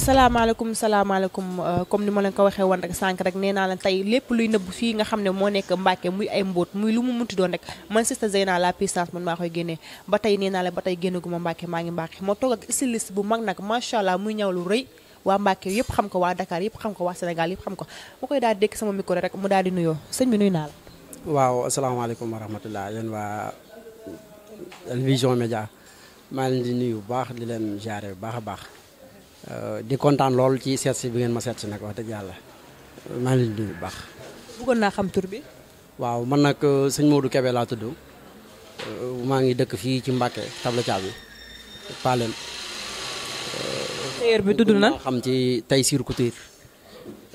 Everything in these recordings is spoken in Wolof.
salaamaaleykum salaamaaleykum euh, comme ni ma len ko waxe won rek sank rek neena naa tay lepp luy neub fi nga xamne mo nek mbacke muy ay mbot muy lu mu muti doon rek man Sister Zeyna la puissance man maa koy génnee ba tay neena la leen ba tey génnaguma mbacke ma ngi mbacke mo tok ak styliste bu mag nag macha allah muy ñaw lu reuy wa mbacke yëpp xam ko wa Dakar yëpp xam ko wa senegal yëpp xam ko mu koy daal dekk sama micro rek mu daal di nuyo señ bi nuy naal waaw assalamu alaykum wa rahmatullah yéen wa El Vision Média maa leen di nuyu bu baax di len jaare bu baax baax Euh, di kontan lol ci seet si bi ngeen ma seet malin wax dëgg yalla ma ngi di nuyu bu baax. bëggoon xam tour bi. waaw man nak euh, sëñ Modou Kébé laa tudd euh, ma ngi dëkk fi ci Mbacke Tabla Caabi Palen. tailleur bi tudd na xam ci Taysiir Couture.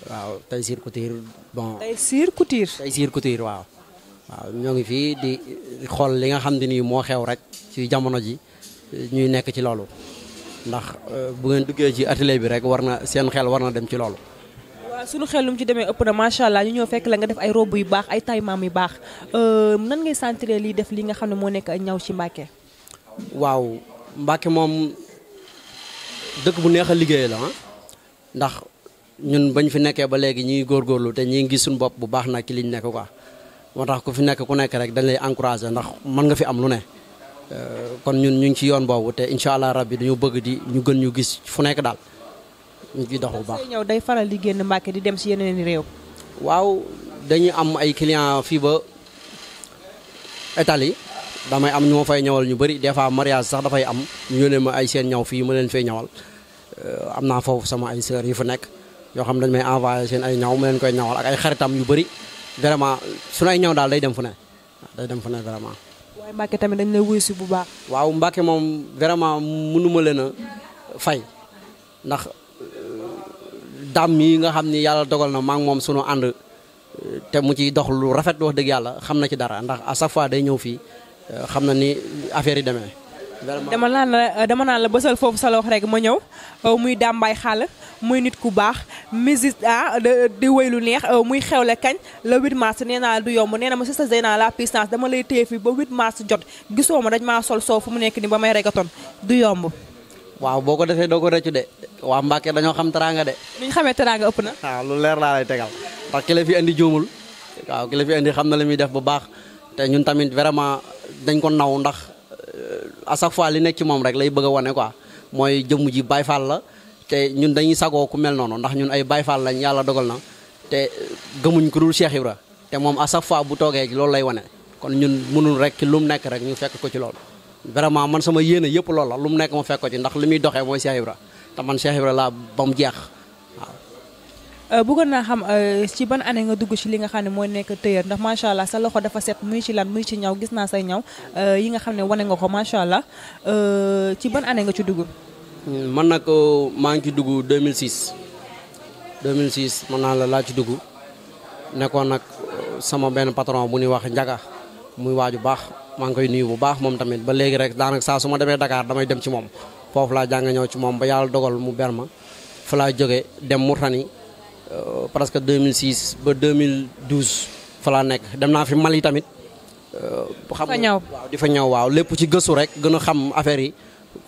waaw Taysiir Couture bon. Taysiir Couture. Taysiir Couture waaw. waaw ñoo ngi fi di xol li nga xam ni mo xew rek ci jamono ji ñuy nekk ci lolou ndax euh, bu ngeen duggee ci atelier bi rek war na seen xel war na dem ci loolu. waaw sunu xel lu mu ci demee ëpp na macha allah ñu ñëw fekk la nga def ay robe yu baax ay taaymaam yu baax euh, nan ngay sentir li def li nga xam ne moo nekk ñaw ci Mbacke. waaw Mbacke moom dëkk bu neex a liggéey la ndax ñun bañ fi nekkee ba léegi ñuy góorgóorlu te ñi gis suñu bopp bu baax na ci liñ nekk quoi moo tax ku fi nekk ku nekk rek dañ lay encouragé ndax mën nga fi am lu ne. Eh, kon ñun ñu ngi ci yoon boobu te incha allah rabbi dañu bëgg di ñu gën ñu gis fu nekk daal ñu ngi dox bu baax. ñëw day faral di génn Mbàkke di dem si yeneen réew. waaw dañuy am ay client fii ba Italie damay am ñu ma fay ñawal ñu bëri des fois mariage sax dafay am ñu yónnee ma ay seen ñaw fii ma leen fay ñawal eh, am naa foofu sama ay sœurs yu fa nekk yoo xam dañ may envoyé seen ay ñaw ma leen koy ñawal ak ay xaritam yu bëri vraiment sunu ay ñaw daal day dem fu ne day dem fu ne vraiment. waaye Mbacke tamit dañ lay wuyu si bu baax. waaw Mbacke moom vraiment munuma leen a fay ndax euh, dàmm yi nga xam ni yàlla dogal na maa moom sunu ànd euh, te mu ciy dox lu rafet wax dëgg yàlla xam na ci dara ndax à chaque fois day ñëw fii euh, xam na ni affaire yi deme dama naan la euh, dama naan la bësal foofu sa rek ma ñëw euh, muy dàmbaay xaal muy nit ku baax musique ah, di wéy lu neex euh, muy xewle kañ le 8 mars nee du yomb nee ma Sister Zeyna la puissance dama lay téye fii ba 8 mars jot gisoo ma dañ maa sol soow fu mu nekk ni ba may reggaeton du yomb waaw boo ko defee doo ko rëccu de waa Mbàkke dañoo xam teraanga de ñu xamee teraanga ëpp na waaw ah, lu leer laa lay tegal ndax ki la fi indi juumul waaw ki la fi indi xam na li muy def bu baax te ñun à chaque fois li nekk ci moom rek lay bëgga wane quoi mooy jëmm ji Baay Faal la te ñun dañuy sagoo ku mel noonu ndax ñun ay Baay Faal lañ yàlla dogal na te gëmuñ ko dul Cheikh Ibra te moom à chaque fois bu toogee loolu lay wane kon ñun munul rek ci lu mu nekk rek ñu fekk ko ci loolu vraiment man sama yéene yëpp loolu la lu mu nekk ma fekk ko ci ndax li muy doxee mooy Cheikh Ibra te man Cheikh Ibra laa ba jeex waaw Eh, bëggoon na xam eh, ci ban année nga dugg ci li nga xamne ne nekk ya. tëyër ndax sha allah sa loxo dafa set muy ci lan muy ci ñaw gis na say ñaw yi nga xamne nga ko sha allah ci ban année nga ci dugg. man nak ma ngi dugg 2006 2006 mana na la la ci dugg nekkoon nak sama ben patron bu ni wax njaga muy waju bax ma ngi koy nuyu bu bax mom tamit ba léegi rek daanaka saa su ma demee Dakar damay dem ci mom fofu la jàng ñëw ci mom ba yalla dogal mu berma fa la dem tani parce que 2006 ba 2012 fa laa nekk dem naa fi mal Mali tamit. Euh, xam nga waaw di fa ñëw waaw lépp ci gëstu rek gën a xam affaire yi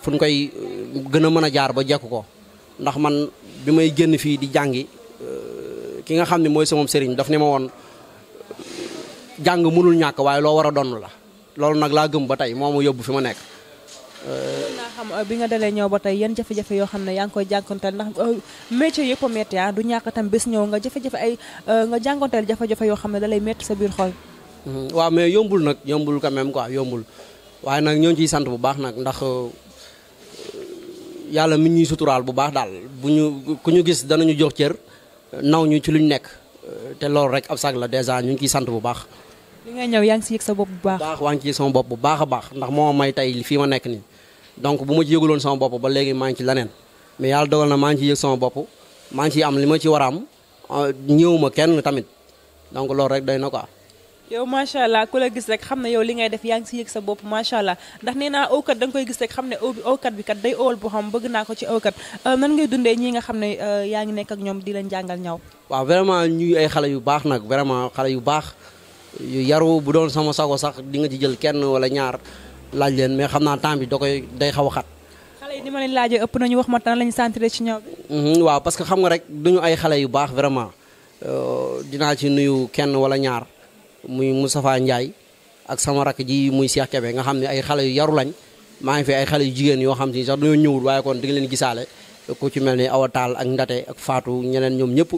fu ñu koy euh, gën a mën a jaar ba jekk ko ndax man bi may génn fii di jàngi euh, ki nga xam ne mooy sama sëriñ daf ne ma woon jàng mënul ñàkk waaye loo war a donn la loolu nag laa gëm ba tey moo ma yóbbu fi ma nekk. naa xam euh, bi nga delee ñëw ba tey yenn jafe-jafe yoo xam ne yaa ngi koy jànkonteel ndax euh, métier yëpp a métti ah, du ñàkk tam bés ñëw nga jafe-jafe ay euh, nga jànkonteel jafe-jafe yoo xam ne dalay lay sa biir xool hmm, waaw mais yombul nag yombul quand même quoi yombul waaye nag ñoo ngi ciy sant bu baax nag ndax yàlla mi ñuy suturaal bu baax daal bu ñu ku ñu gis danañu jox cër naw ñu ci lu ñu nekk te loolu rek ab sag la dèjà ñu ngi ciy sant bu baax li ngay ñëw yaa ngi si yëg sa bopp bu baax. baax waa ngi ci sama bopp a baax ndax moo may tey fii ma nekk nii donc bu ma ci yëguloon sama bopp ba léegi maa ngi ci leneen mais yàlla dogal na maa ngi ci yëg sama bopp maa ngi ciy li ma ci war a am euh, ñëw ma kenn tamit donc loolu rek doy na quoi. yow macha allah ku la gis rek xam ne yow li ngay def yaa ngi si yëg sa bopp macha allah ndax nee naa awkat da nga koy gis rek xam ne aw awkat bi kat day awal boo xam bëgg naa ko ci awkat euh, nan ngay dundee ñi nga xam ne euh, yaa ngi nekk ak ñoom di la jàngal ñaw. waaw vraiment ñuy ay xale yu baax nag vraiment xale yu baax yaru bu doon sama sago sax di nga ci jël kenn wala ñaar laaj leen mais xam naa temps bi da koy day xaw a xat. xale yi ni ma leen laajee wax ma tan lañu sentir ci ñoom. Mhm, waaw parce que xam nga rek duñu ay xale yu baax vraiment euh, dinaa ci nuyu kenn wala ñaar muy Moustapha Ndiaye ak sama rakk ji muy Cheikh Kébé nga xam ne ay xale yu yaru lañ maa ngi fi ay xale yu jigéen yoo xam si sax dañoo ñëwul waaye kon di nga leen gisaale ku ci mel ni Awa taal ak Ndate ak faatu ñeneen ñoom ñëpp.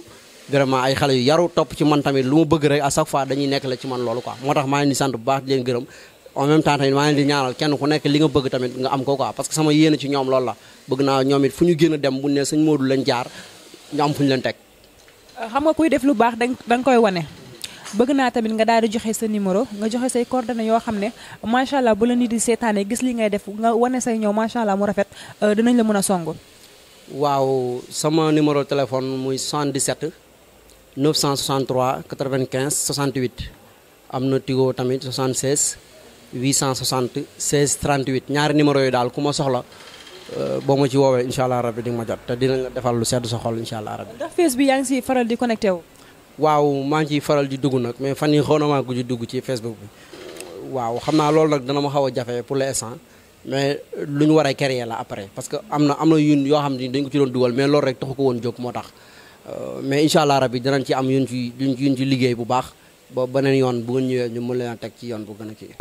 vraiment ay xale yu yaru topp ci man tamit lu ma bëgg rek à chaque fois dañuy nekk la ci man loolu quoi moo tax maa ngi di sant bu baax di leen gërëm en même temps maa ngi di ñaanal kenn ku nekk li nga bëgg tamit nga am ko quoi parce que sama yéene ci ñoom loolu la bëgg naa ñoom it fu ñu génn dem bu ne sëñ Modou ñu am fu leen teg xam nga kuy def lu baax da nga koy wane bëgg naa tamit nga daal di joxe sa numéro nga joxe say coordonnées yoo xam ne macha allah bu la nit di seetaanee gis li ngay def nga wane say ñëw macha allah mu rafet euh, dinañ la mën a song waaw sama numéro téléphone muy 77 963 95 68 am na Tigo tamit 76 860 16 38 ñaari numéro yi daal ku ma soxla euh, boo ma ci woowee incha rab rabi di ma jot te dina defal lu sedd sa xol incha allah rabi. ndax Facebook yaa ngi siy faral di connecté waaw maa ngi ciy faral di dugg nag mais fan yii xaw na maa ko dugg ci Facebook bi waaw xam naa loolu nag dana ma xaw a jafe pour l'instant mais lu ñu war a créer la après parce que am na am na yun yoo xam mais loolu rek taxu ko woon jóg moo tax. Euh, mais inshallah rabbi dinañ ci am yuñ ci yuñ yuñ ci liggéey bu baax ba benen yoon bu ñëwee ñu mën leen teg ci yoon bu gëna ci kii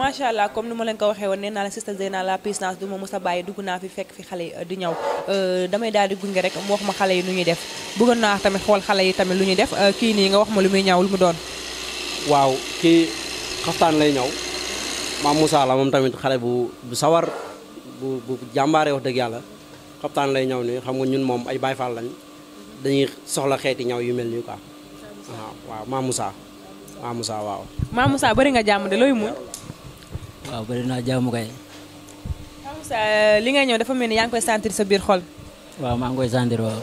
macha allah comme ni len ko waxe won nee la sister Zeyna la puissance du ma mos a bàyyi fi fek fi xalé euh, di ñaw euh damay daal di gungé rek mo wax ma xale yi nu ñuy def bëggoon naa tamit xol xalé yi tamit lu ñuy def euh, ki ni nga wax ma lu muy ñaw lu mu doon. waaw ki xaftaan lay ñaw ma Moussa la mom tamit xalé bu bu sawar bu bu jambaré wax deug Yalla kaptan lay ñaw ni xam nga ñun mom ay bay fall lañ dañuy soxla xéti ñaw yu melni nii quoi waaw ma musa ma musa waaw ma musa bari nga jamm de loy muñ waaw bari na jamm kay ma musa euh, li nga ñëw dafa melni yang koy sentir sa bir xol waaw ma ngoy sentir waaw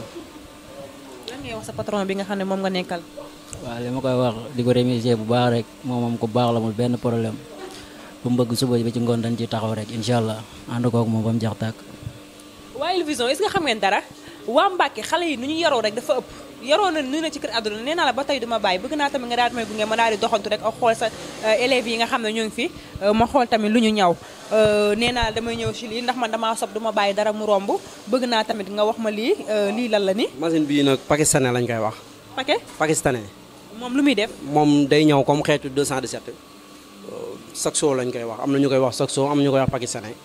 lan ngay wax sa patron bi nga xamne mom nga nekkal waaw li ma koy wax di ko bu baax rek mom moom ko baax la mu ben problème bu mbeug suba ci ngoon dañ ci taxaw rek inshallah allah ko ak mom bam jax tak waa El Vision est-ce que xam ngeen dara waa Mbàkke xale yi nu ñu yaroo rek dafa ëpp yaroo na nu na ci kër àdduna nee naa la ba tey duma bàyyi bëgg naa tamit nga daal may gunge ma daal di doxantu rek ak xool sa euh, élèves yi nga xam ne ñoo ngi fi euh, ma xool tamit lu ñu ñaw euh, nee naa damay ñëw si lii ndax man damaa sob duma bàyyi dara mu romb bëgg naa tamit nga wax ma lii lii lan la ni machine bii nag pakistanais lañ koy wax paquet pakistanais moom lu muy def moom day ñëw comme xeetu 217 saxo lañ koy wax am na ñu koy wax saxo am na ñu koy wax pakistanais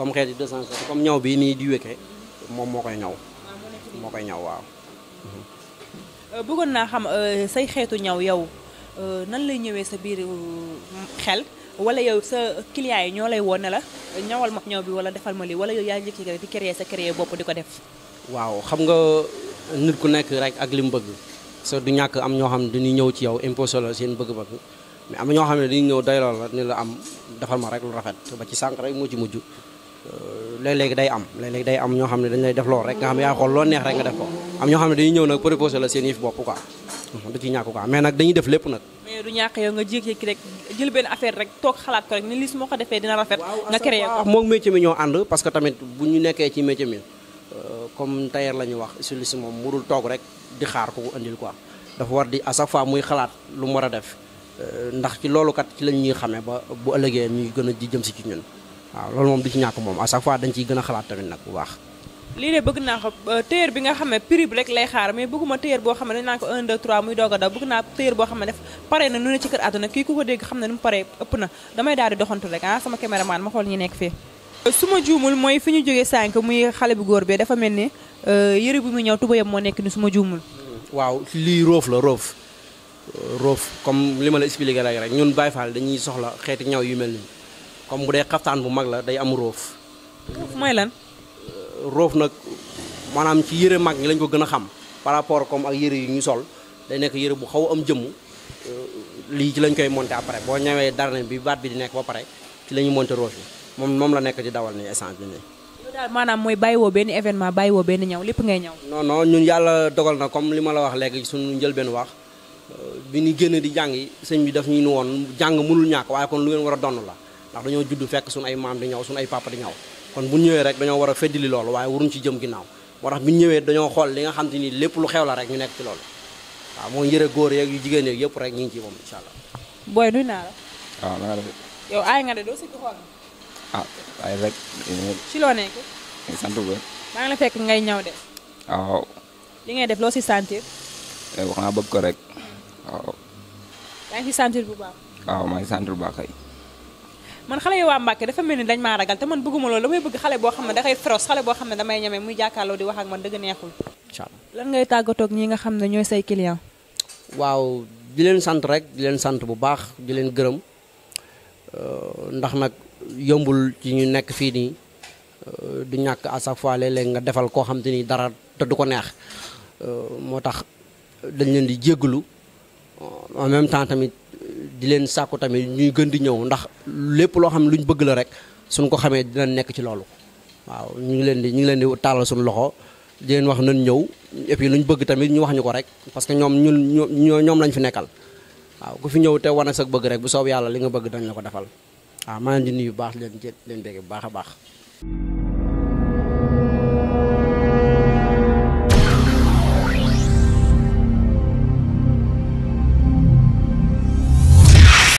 comme xeeti 207 comme ñaw bi nii di wékkee moom moo koy ñaw moo koy ñaw waaw. Euh, bëggoon naa xam euh, say xeetu ñaw yow euh, nan lay ñëwee sa biir xel wala yow sa client yi ñoo lay woon ne la ñawal ma ñaw bi wala defal ma lii wala yow yaa njëkk rek di créer sa créer bopp di ko def. waaw xam nga nit ku nekk rek ak li mu bëgg so du ñàkk am ñoo xam ne dañuy ñëw ci yow imposé la seen bëgg-bëgg mais am ñoo xam ne dañuy ñëw doyloo la la am defal ma rek lu rafet ba ci sànq rek Euh, léeg-léeg day am léeg-léeg day am ñoo xam ne dañ lay def lool rek nga xam ne yaa xool loo neex rek nga def ko am ñoo xam ne dañuy ñëw nag proposé la seen yëf bopp quoi du nag dañuy def lépp nag mais du ñàkk rek jël benn affaire rek toog xalaat ko rek ni lis moo ko defee dina rafet nga créé ko moom métier mi ñoo ànd parce que tamit bu ñu nekkee ci métier mi euh, comme tailleur la ñu wax si lis moom mu dul toog rek di xaar ko andil quoi dafa war di à chaque fois muy xalaat lu mu war a def euh, ndax ci loolu kat ci lañ ñuy xamee ba bu ëllëgee ñuy gën a di jëm si ci ñun waaw loolu moom du ci ñàkk moom à chaque fois dañ ciy gën a xalaat tamit nag bu baax. lii de bëgg naa ko euh, téer bi nga xam ne prix bi rek lay xaar mais bëgguma téer boo xam ne dañ naan ko 1 a daw bëgg naa téer boo xam ne def pare na nu ne ci kër àdduna kii ku ko dégg xam ne nu mu ëpp na damay daal doxantu rek ah sama caméraman ma xool ñi nekk fii. Euh, su ma juumul mooy fi ñu jógee sànq muy xale bu góor bi dafa mel ni euh, yëre bi mu ñëw tubayam moo nekk ni su ma juumul. waaw lii roof la roof roof comme li ma la expliqué rek ñun Baye Fall dañuy soxla xeeti ñaw yu mel nii comme bu dee xaftaan bu mag la day am roof. roof mooy lan. Euh, roof nag maanaam ci yére mag ñi lañ ko gën a xam par rapport comme ak yére yu ñu sol day nekk yére bu xaw am jëmm euh, lii ci lañ koy monter après boo ñëwee dara ne bi baat bi di nekk ba pare ci la ñu monter roof yi moom moom la nekk di dawal ni essence bi nii. maanaam mooy bàyyiwoo benn événement bàyyiwoo benn ñaw lépp ngay ñaw. non ñun yàlla dogal na comme li ma la wax léegi suñu njëlbeen wax euh, bi ñu génn di jàng sëñ bi daf ñu ni woon jàng mënul ñàkk waaye kon lu ngeen war a donn la ndax dañoo judd fekk suñu ay maam di ñaw suñu ay papa di ñaw kon bu ñëwee rek dañoo war a feddali loolu waaye waruñ ci jëm ginnaaw moo tax bu ñëwee dañoo xool li nga xam ni lépp lu xew la rek ñu nekk ci loolu waaw mooy yëre góor yeeg yu jigéen yeeg yëpp ñu ngi ci moom incha allah. booy nuyu naa la. waaw na nga def. yow aay nga ah, la fekk ngay ñaw de. li ngay def loo si sentir. Eh, wax naa ko rek waaw. yaa ngi si sentir bu baax. waaw maa ngi sentir bu baax kay. man xalé yi waa Mbàkke dafa melni dañ ma ragal té man bëgguma loolu lamay bëgg xalé bo xamné da dafay féroce xalé bo xamné damay ñëmé muy jàkkaarloo di wax ak man dëgg neexul inshallah lan ngay tagato ak ñi nga xamné ñoy say client waaw di leen sante rek di leen sante bu baax di leen gërëm euh, ndax nak yombul ci ñu nekk fi ni euh, di ñak à chaque fois lélé nga défal ko xam ni dara te duko neex euh motax dañ leen di jéggalu en même temps tamit di leen sàkku tamit ñuy gën di ñëw ndax lépp loo xam ne lu ñu bëgg la rek suñ ko xamee dina nekk ci loolu waaw ñu ngi leen di ñu leen di tàllal suñu loxo di leen wax nan ñëw et puis lu bëgg tamit ñu wax ñu ko rek parce que ñoom ñun ñoom lañ fi nekkal waaw ku fi ñëw te wane sa bëgg rek bu soob yàlla li nga bëgg dañ la ko defal waaw maa ngi di nuyu baax leen jét leen bégg bu baax a baax